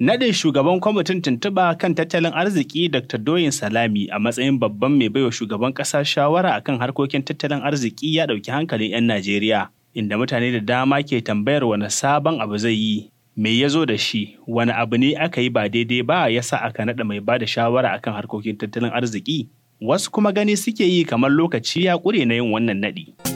Naɗin shugaban kwamitin tuntuɓa kan tattalin arziki Dr. Doyin Salami a matsayin babban mai baiwa shugaban ƙasa shawara a kan harkokin tattalin arziki ya ɗauki hankalin 'yan Najeriya, inda mutane da dama ke tambayar wani sabon abu zai yi, me ya zo da shi, wani abu ne aka yi ba daidai ba ya sa aka naɗa mai ba da shawara a kan harkokin tattalin arziki. Wasu kuma gani suke yi kamar lokaci ya ƙure na yin wannan naɗi.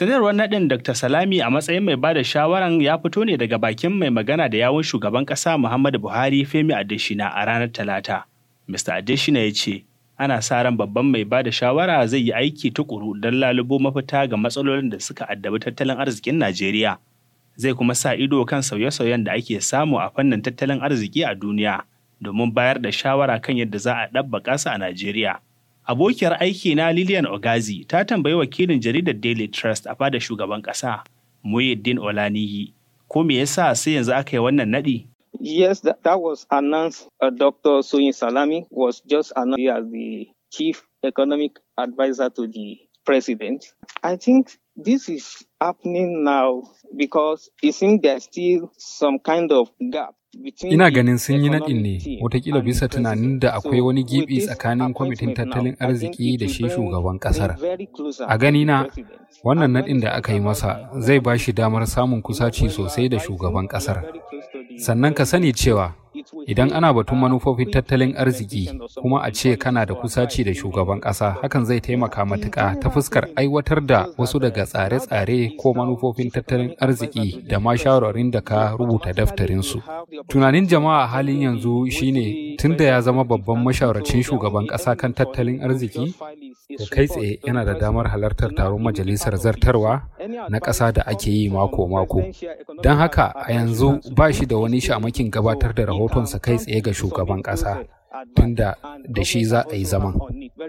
Sanarwar naɗin Dr. Salami a matsayin mai bada shawaran ya fito ne daga bakin mai magana da yawun shugaban ƙasa Muhammadu Buhari Femi Adeshina a ranar Talata. Mr. Adeshina ya ce, ana sa ran babban mai bada shawara zai yi aiki tukuru don lalubo mafita ga matsalolin da suka addabi tattalin arzikin Najeriya. Zai kuma sa ido kan sauye-sauyen da ake samu a fannin tattalin arziki a duniya domin bayar da shawara kan yadda za a ɗabba ƙasa a Najeriya. abokiyar aiki na Lilian Ogazi ta tambayi wakilin jaridar Daily Trust a fada shugaban ƙasa Muhyiddin Olaniyi ko me yasa sai yanzu aka yi wannan naɗi? Yes, that, that was announced. Uh, Dr. Soyin Salami was just announced as the chief economic advisor to the president. I think this is happening now because it seems there's still some kind of gap Ina ganin sun yi naɗin ne, watakila bisa tunanin da akwai wani gibi tsakanin kwamitin tattalin arziki da shi shugaban ƙasar. A ganina, wannan naɗin da aka yi masa zai ba shi damar samun kusaci sosai da shugaban ƙasar. Sannan ka sani cewa Idan ana batun manufofin tattalin arziki kuma a ce kana da kusaci da shugaban ƙasa hakan zai taimaka matuka ta fuskar aiwatar da wasu daga tsare-tsare ko manufofin tattalin arziki da ma shawarwarin da ka rubuta daftarinsu. Tunanin jama'a halin yanzu shine tunda ya zama babban mashawarcin shugaban ƙasa kan tattalin arziki kai tsaye yana da damar halartar taron majalisar zartarwa na ƙasa da ake yi mako-mako don haka a yanzu ba shi da wani shamakin gabatar da rahotonsa kai tsaye ga shugaban ƙasa tunda da shi za a yi zaman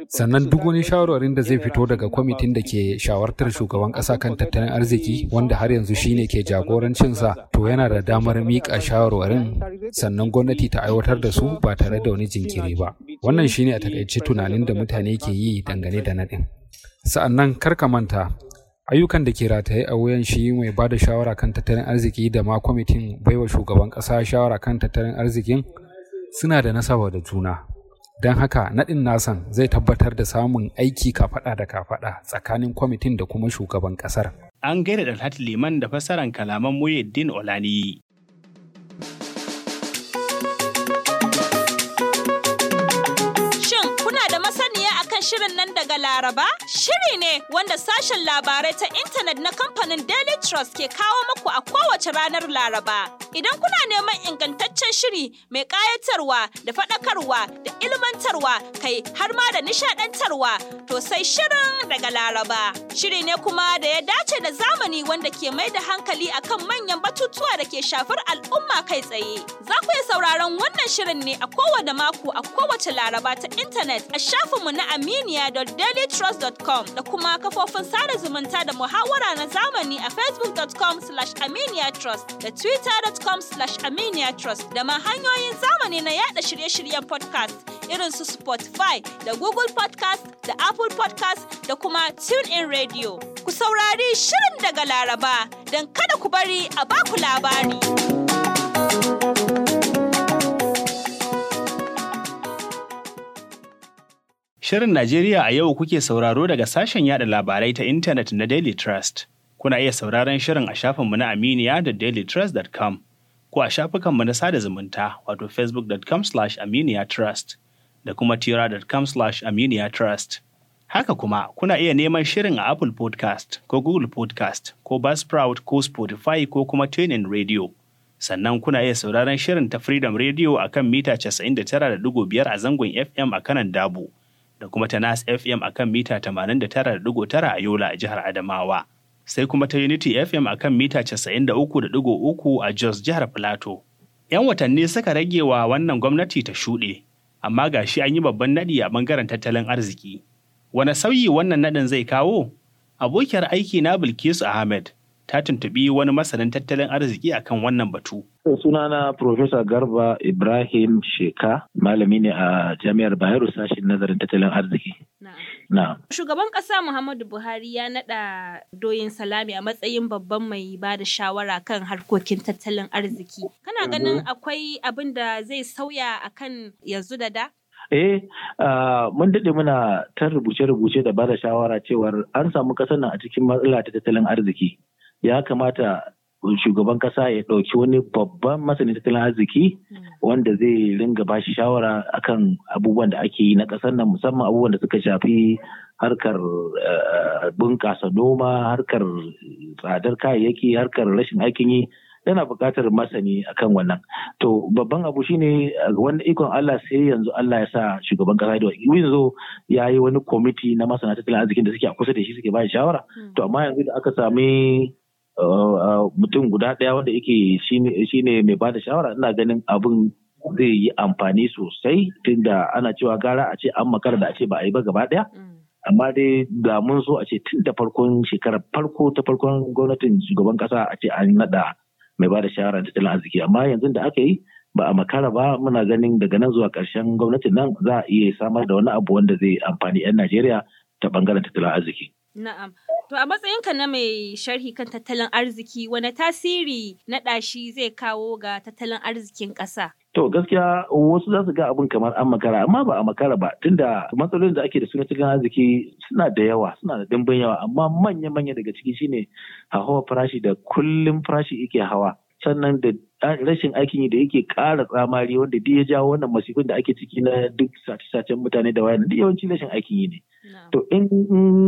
sannan duk wani shawarwarin da zai fito daga kwamitin da ke shawartar shugaban ƙasa kan tattalin arziki wanda har yanzu shine ke jagorancinsa to yana da damar miƙa shawarwarin sannan gwamnati ta aiwatar da su ba tare da wani jinkiri ba Wannan shi ne a takaice tunanin da mutane ke yi dangane da naɗin. Sa'annan kar ka manta ayyukan da ke rataye a wuyan shi mai ba da shawara kan tattalin arziki da ma kwamitin baiwa shugaban ƙasa shawara kan tattalin arzikin suna da nasaba da juna. Don haka naɗin nasan zai tabbatar da samun aiki kafaɗa da kafaɗa tsakanin kwamitin da kuma shugaban ƙasar. An gaida da Liman da fassaran kalaman Muhyiddin Olani. Wannan shirin nan daga Laraba shiri ne wanda sashen labarai ta intanet na kamfanin Daily Trust ke kawo muku a kowace ranar Laraba. Idan kuna neman ingantaccen shiri mai ƙayatarwa da faɗakarwa da ilmantarwa kai har ma da nishaɗantarwa to sai shirin daga Laraba. Shiri ne kuma da ya dace da zamani wanda ke mai da hankali akan manyan batutuwa da ke shafar al'umma kai tsaye. Za ku iya sauraron wannan shirin ne a kowane mako a kowace Laraba ta intanet a shafinmu na aminiya.dailytrust.com da kuma kafofin sada zumunta da muhawara na zamani a facebook.com/aminiya trust da twitter.com com slash aminiatrust da ma hanyoyin zamani na yada shirye-shiryen podcast irin su Spotify da Google podcast da Apple podcast da kuma TuneIn Radio. Ku saurari shirin daga Laraba don kada ku bari a baku labari. Shirin Najeriya a yau kuke sauraro daga sashen yada labarai ta intanet na Daily Trust. Kuna iya sauraron shirin a shafinmu na Aminiya da dailytrust.com. ko a shafukanmu na sada zumunta wato facebook.com slash aminiyatrust da kuma tira.com slash aminiyatrust. Haka kuma kuna iya neman shirin a Apple podcast ko Google podcast ko Buzzsprout ko Spotify ko kuma TuneIn Radio. Sannan kuna iya sauraron shirin ta Freedom Radio a kan mita 99.5 a zangon FM a kanan Dabo da kuma ta Nas FM a kan mita 89.9 a Yola a jihar Adamawa. sai kuma ta Unity FM a kan mita 93.3 a Jos jihar Filato. 'Yan watanni suka rage wa wannan gwamnati ta shuɗe, amma ga shi an yi babban naɗi a ɓangaren tattalin arziki. Wane sauyi wannan naɗin zai kawo? Abokiyar aiki na Bilkisu Ahmed ta tuntuɓi wani masanin tattalin arziki akan wannan batu. sunana Profesa Garba Ibrahim Sheka, malami ne a Jami'ar Bayero sashen nazarin tattalin arziki. Shugaban ƙasa Muhammadu Buhari ya naɗa Doyin Salami a matsayin babban mai ba da shawara kan harkokin tattalin arziki. Kana mhm. ganin akwai abin da zai sauya a kan yanzu da da? Eh, mun daɗe muna ta rubuce-rubuce da ba da shawara cewar an samu ƙasar nan a cikin matsala ta tattalin arziki. Ya kamata shugaban kasa ya ɗauki wani babban masanin tattalin arziki hmm. wanda zai ringa ba shi shawara akan abubuwan da ake yi na ƙasar nan musamman abubuwan da suka shafi harkar eh, bunƙasa noma harkar tsadar kayayyaki harkar rashin aikin yi yana buƙatar masani akan wannan to babban abu shine wani ikon Allah sai yanzu Allah ya sa shugaban kasa da yanzu ya yi wani kwamiti na masana tattalin arzikin da suke a kusa da shi suke ba shawara hmm. to amma yanzu da aka sami Uh, uh, mutum guda ɗaya wanda yake ne mai bada shawara ina ganin abin zai yi amfani sosai tunda ana cewa gara a ce an makara da a ce ba a yi ba gaba ɗaya. Mm. amma dai ga mun so a ce tun da farkon shekarar farko ta farkon gwamnatin shugaban kasa a ce an nada mai ba da shawara tattalin arziki amma yanzu da aka yi ba a makara ba muna ganin daga nan zuwa ƙarshen gwamnatin nan za a iya samar da wani abu wanda zai amfani 'yan najeriya ta ɓangaren tattalin arziki. Na'am. To a matsayinka na mai sharhi kan tattalin arziki, wane tasiri na ɗashi zai kawo ga tattalin arzikin ƙasa? To gaskiya wasu za su ga abin kamar an makara amma ba a makara ba tunda matsalolin da ake da su cikin arziki suna da yawa suna da dimbin yawa amma manya-manya daga ciki shine hawa farashi da kullum farashi yake hawa sannan da rashin aikin yi da yake ƙara tsamari wanda duk ya jawo wannan masifin da ake ciki na duk sace-sacen mutane da wayan duk yawanci rashin aikin yi ne. To in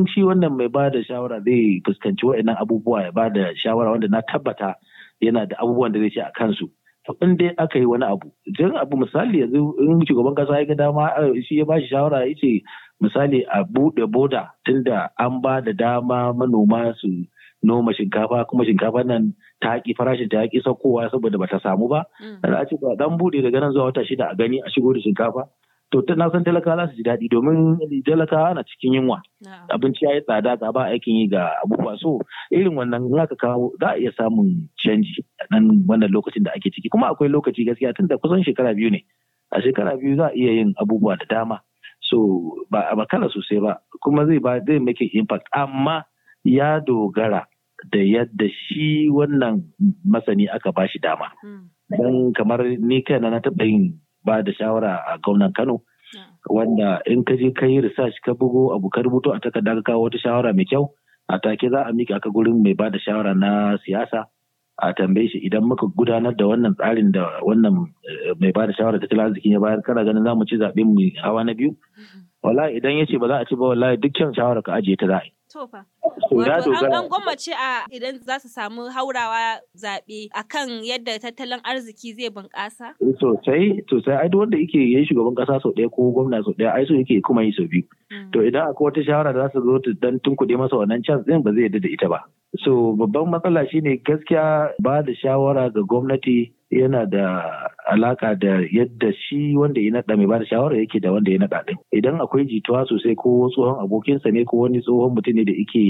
shi wannan mai ba da shawara zai fuskanci wa'annan abubuwa ya ba da shawara wanda na tabbata yana da abubuwan da zai ce a kansu. to in dai aka yi wani abu jin abu misali yanzu in shugaban kasa ya ga dama eh, shi ya bashi shawara ya ce misali a buɗe boda tunda an ba da dama manoma su noma shinkafa kuma shinkafa nan ta haƙi farashin ta haƙi saukowa saboda bata samu ba da mm. a ce ba dan buɗe daga nan zuwa wata shida a gani a shigo da shinkafa to na san talakawa za su ji daɗi domin talakawa na cikin yunwa abinci ya yi tsada ga ba aikin yi ga abubuwa so irin wannan za aka kawo za a iya samun canji a nan wannan lokacin da ake ciki kuma akwai lokaci gaskiya tun da kusan shekara biyu ne a shekara biyu za a iya yin abubuwa da dama so ba a makala sosai ba kuma zai ba zai make impact amma ya dogara da yadda shi wannan masani aka ba shi dama. Hmm. Don kamar ni na, na taɓa yin ba da shawara a gwamnan Kano. Wanda in ka je ka yi research ka bugo abu ka rubuto a takarda ka kawo wata shawara mai kyau a take za a miki aka gurin mai ba da shawara na siyasa a tambaye shi idan muka gudanar da wannan tsarin da wannan eh, mai ba da shawara tattalin arziki ya bayar kana ganin zamu ci zaɓen mu hawa na biyu. Mm-hmm. Wallahi idan ya ce ba za a ci ba wallahi kyan shawara ka ajiye ta za a yi. Wato an gwammace a idan za su samu haurawa zaɓe a kan yadda tattalin arziki zai bunƙasa? Sosai, sosai. Ai wanda yake yin shugaban ƙasa sau ɗaya ko gwamna sau ɗaya ai so yake kuma yi sau biyu. Mm. To idan akwai wata shawara da za su zo dan tunkuɗe masa wannan can ɗin ba zai yarda da ita ba. So babban matsala shine gaskiya ba da shawara ga gwamnati yana da alaka da yadda shi wanda ya naɗa mai bada shawara yake da wanda ya naɗa ɗin idan akwai jituwa sosai ko tsohon abokinsa ne ko wani tsohon mutum ne da yake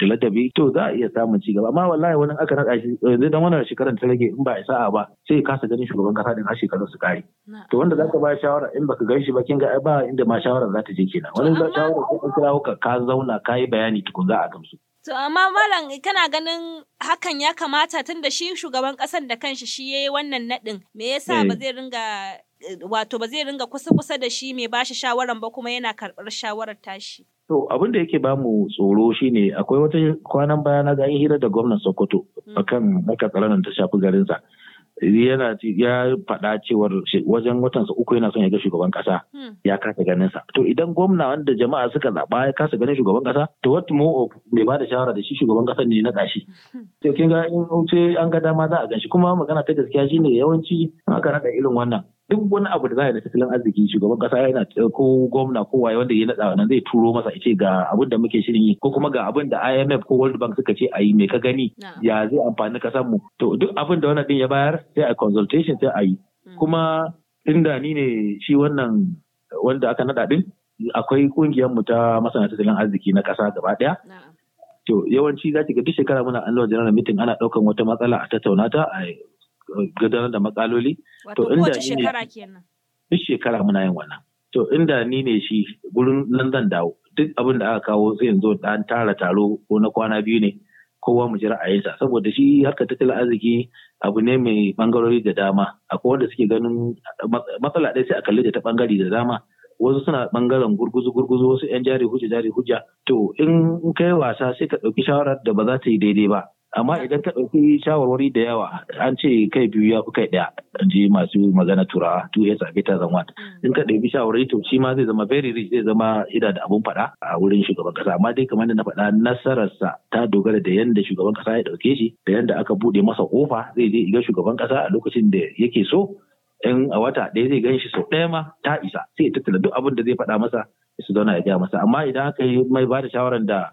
da ladabi to za a iya samun ci gaba amma wallahi wani aka naɗa shi eh, yanzu dan wannan shekarar ta rage in ba a sa'a ba sai kasa ganin shugaban kasa din har shekarun su kare to wanda zaka ba shawara in baka gan shi ba kin ga ba inda ma shawara za ta je kenan wani shawara ko an kira ka ka zauna ka yi bayani tukun za a gamsu To amma malam kana ganin hakan ya kamata tunda shi shugaban kasan da kanshi shi yayi wannan nadin me yasa eh. ba zai ringa wato ba zai ringa kusa kusa da shi mai bashi shawaran ba kuma yana karɓar shawarar tashi. To abin da yake bamu tsoro shine akwai wata kwanan baya na ga hira da gwamnan Sokoto hmm. akan maka tsaranan ta shafi garinsa. Yana ya faɗa cewar wajen watansa uku yana son ya ga shugaban kasa hmm. ya kasa ganin sa. To idan gwamna wanda jama'a suka zaɓa ya kasa ganin shugaban kasa to what more of mai ba da shawara da shi shugaban kasa ne na ɗashi. Hmm. To kin ga in an ga dama za a ganshi kuma magana ta gaskiya shine yawanci aka naɗa irin wannan duk wani abu da za a yi na tattalin arziki shugaban kasa yana ko gwamna ko waye wanda ya naɗa nan zai turo masa ya ce ga abin da muke shirin yi ko kuma ga abin da IMF ko World Bank suka ce a yi mai ka gani ya zai amfani kasar mu to duk abin da wannan din ya bayar sai a consultation sai a yi hmm. kuma inda ni ne shi wannan wanda aka naɗa din akwai kungiyar mu ta masana tattalin arziki na kasa gaba daya to yawanci za ki ga duk shekara muna annual general meeting ana ɗaukar wata matsala a tattauna ta gudanar da makaloli. To inda ni shekara kenan. Duk shekara muna yin wannan. To inda ni ne shi gurin nan zan dawo. Duk abin da aka kawo sai yanzu an tara taro ko na kwana biyu ne kowa mu ji ra'ayinsa saboda shi harkar tattalin arziki abu ne mai bangarori da dama akwai wanda suke ganin matsala ɗaya sai a kalli da ta bangare da dama wasu suna bangaren gurguzu gurguzu wasu yan jari hujja jari hujja to in kai wasa sai ka ɗauki shawarar da ba za ta yi daidai ba amma idan ka ɗauki shawarwari da yawa an ce kai biyu ya fi kai ɗaya ji masu magana turawa two years a better zan wata in ka ɗauki shawarwari to shi ma zai zama very rich zai zama ina da abun faɗa a wurin shugaban kasa amma dai kamar da na faɗa nasararsa ta dogara da yanda shugaban kasa ya ɗauke shi da yanda aka buɗe masa kofa zai je ga shugaban kasa a lokacin da yake so in a wata ɗaya zai gan shi sau ɗaya ma ta isa sai ya tattala duk abin da zai faɗa masa su zauna ya gaya masa amma idan aka yi mai ba da shawaran da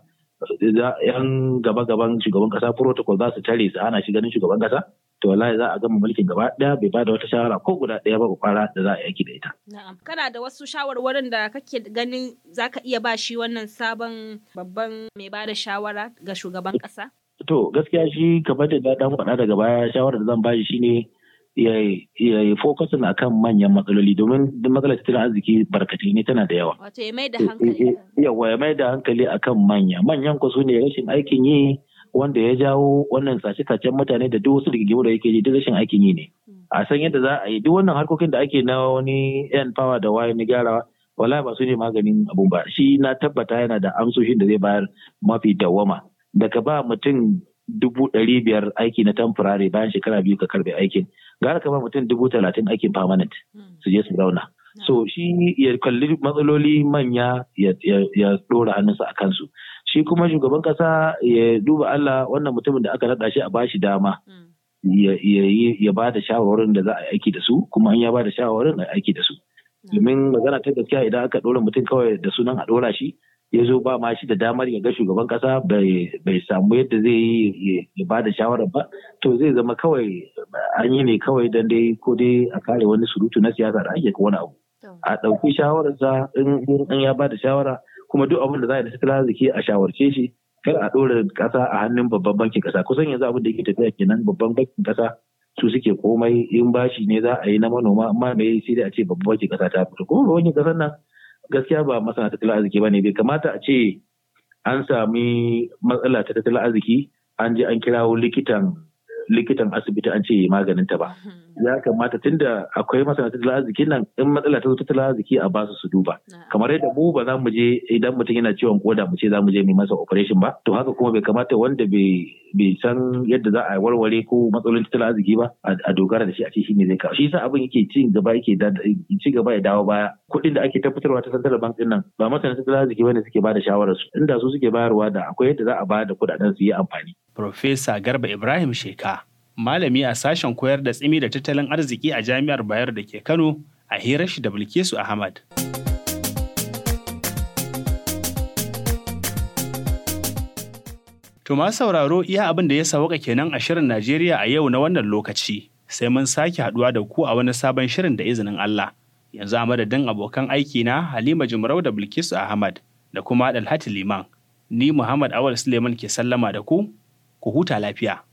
yan gaba-gaban shugaban kasa protocol za su tare su ana shi ganin shugaban kasa to wallahi za a gama mulkin gaba daya bai bada wata shawara ko guda daya ba kwara da za a yaki da ita. Na'am kana da wasu shawarwarin da kake ganin zaka iya ba shi wannan sabon babban mai bada shawara ga shugaban kasa? To gaskiya shi kamar da dan faɗa daga baya shawarar da zan ba shi shine ya fokusin a kan manyan matsaloli domin matsalar tattalin arziki barkatai ne tana da yawa. Wato ya mai da eh, eh, hankali. Eh, yawa ya a kan manya. Manyan ku su ne rashin aikin yi wanda ya jawo wannan sace-sacen mutane da duk wasu rigigimu da yake ji duk rashin aikin yi ne. Hmm. A san yadda za a yi duk wannan harkokin da ake na wani yan fawa da wayo na gyarawa wala ba su ne maganin abun ba shi na tabbata yana da amsoshin da zai bayar mafi dawama. Daga ba mutum dubu ɗari biyar aiki na temporary bayan shekara biyu ka karbe aikin gara kamar mutum dubu talatin aikin permanent su je su zauna so shi ya kalli matsaloli manya ya ɗora hannunsa a kansu shi kuma shugaban ƙasa ya duba Allah wannan mutumin da aka naɗa shi a ba shi dama ya ba da shawarwarin da za a aiki da su kuma an ya ba da shawarwarin a aiki da su hmm. domin magana ta gaskiya idan aka ɗora mutum kawai da sunan a ɗora shi ya zo ba ma shi da damar ya ga shugaban kasa bai samu yadda zai yi ya ba da shawarar ba to zai zama kawai an yi ne kawai don dai ko dai a kare wani surutu na siyasa da ake wani abu a ɗauki shawararsa in ya ba da shawara kuma duk abin da za a yi da tattalin arziki a shawarce shi kar a ɗora ƙasa a hannun babban bankin kasa kusan yanzu abin da yake tafiya kenan babban bankin ƙasa su suke komai in bashi ne za a yi na manoma amma me sai dai a ce babban bankin ƙasa ta fito kuma babban bankin ƙasar nan gaskiya ba masana tattalin arziki ba ne bai kamata a ce an sami matsala ta tattalin arziki an je an kirawo likitan likitan asibiti an ce maganin ta ba. Hmm. ya kamata da akwai masana tattalin arziki nan in matsala ta zo tattalin arziki a basu su duba kamar yadda mu ba za mu je idan mutum yana ciwon koda mu ce za mu je mu masa operation ba to haka kuma bai kamata wanda bai san yadda za a warware ko matsalolin tattalin arziki ba a dogara da shi a ce shi ne zai kawo shi yasa abin yake ci gaba yake ci gaba ya dawo baya kuɗin da ake tabbatarwa ta central bank din nan ba masana tattalin arziki bane suke bada shawarar su inda su suke bayarwa da akwai yadda za a bada kuɗaɗen su yi amfani Profesa Garba Ibrahim Sheka malami a sashen koyar da tsimi da tattalin arziki a jami'ar bayar da ke kano a hirar shi da bilkisu ahmad tuma sauraro iya abin da ya sawaka kenan a shirin najeriya a yau na wannan lokaci sai mun sake haduwa da ku a wani sabon shirin da izinin allah yanzu a madadin abokan aiki na halima jimarau da bilkisu ahmad da kuma dalhati liman ni muhammad awal suleiman ke sallama da ku ku huta lafiya